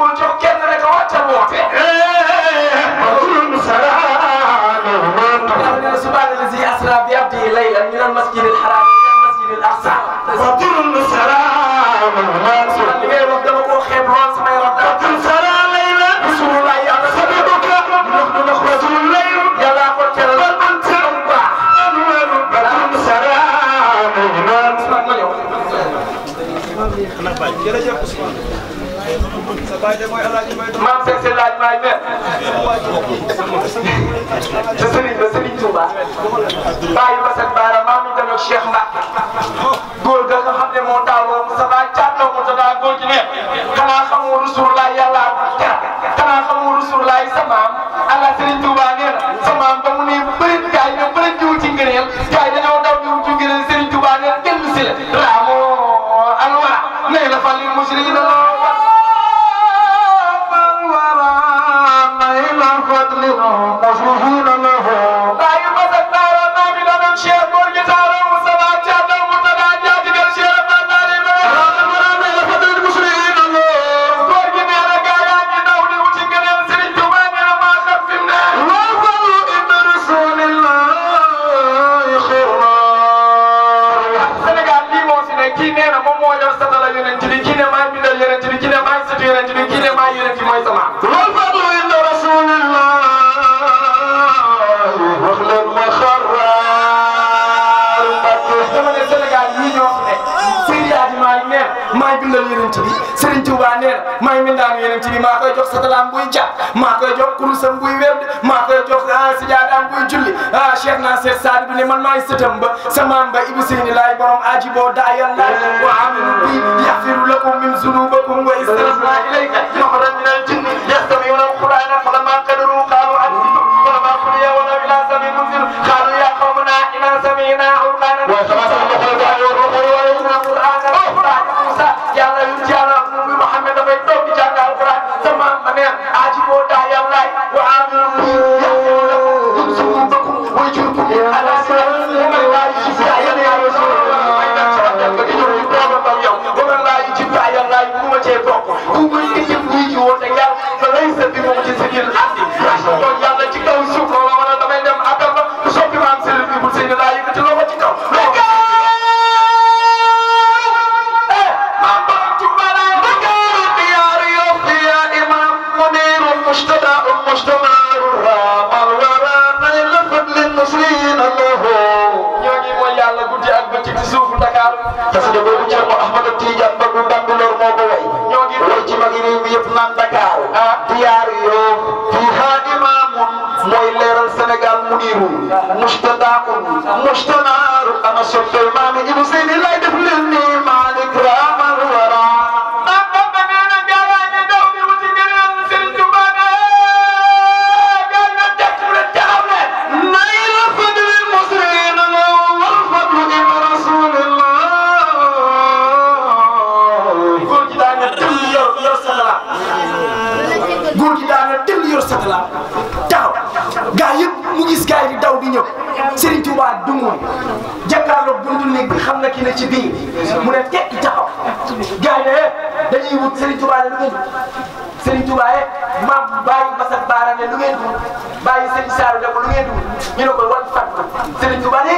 bëggul jox kenn rek wàccal woote. subhaana lazi asra bi abdihi laylan min al masjid al haram ila al masjid al aqsa. li ngay wax dama koo xeeb lool samay wax dara. jërëjëf Ousmane maam Seck seen laaj maay mel. te Serigne ba Serigne Touba. bàyyi ba seen baara maa ngi dem ak Cheikh Mbacke. góor ga nga xam ne moo taawoo Moussa Ba càddoo ko te daa góor ci neex. xanaa xamoo Rasulullah yàlla tera xanaa xamoo Rasulullah sa maam Allah Serigne Touba nee na sa maam ba mu ne bëri gars yi ñoom bëri jiwu ci ngëneel gars yi dañoo daw jiwu ci ngëneel Serigne Touba nee na kenn si la. raamoo alwa nee na fàlli musrikin moom moo yor satala yonent bi kii ne maay maay bindal yeneen ci bi Serigne Touba nee na maay mindaanu yeneen ci bi maa koy jox satalaam buy jàpp maa koy jox kurusam buy werd maa koy jox ah, sijaadaam buy julli ah Cheikh naa Seex bi ne man maay sëtam ba samaam ba Ibou Seyni laay borom aji boo daayal laay wa aminu bi yaxfiru lakum min zunubakum wa istaghfiru ilayka واجبوا داعي الله وآمنوا xasida boobu Cerno Ahmadu Tijaan ba bu Bambilor moo ko way way ci magi réew mi yëpp naan Dakar ah diyaar yoo fii haadimaamun mooy leeral Sénégal muniiru mustadaaun mustanaaru ana soppeel maami Ibu Seydi lay def leen nii góor gi a teel yor satalaam taxaw gaa yëpp mu gis gaa yi di daw di ñëw Serigne Touba dungu loo buntu néeg bi xam na ki ne ci biir mu ne tekki taxaw gaa yi ne eh, dañuy wut Serigne Touba ne lu ngeen Serigne Touba ye eh, maam bàyyi Massa Baara ne lu ngeen dugg bàyyi Serigne Saaru ne ko lu ngeen dugg ñu ne ko wan fàttu Serigne Touba ne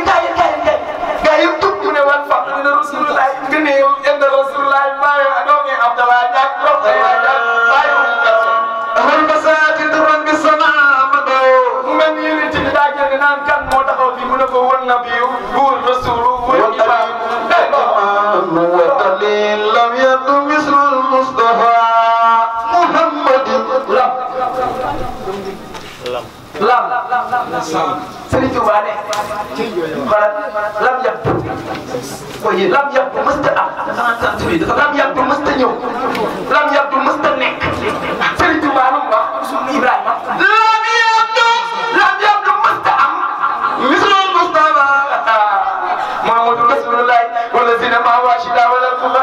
lam Serigne Touba ne bala lam yàpp oye lam yàpp mësta am entente bi dafa lam yàpp mësta ñëw lam yàpp mësta nekk Serigne Touba lu mu wax Ibrahima lam yàpp lam yàpp mësta am mislul Mustafa Muhammadu Rasulullah wala zina ma washida wala kuba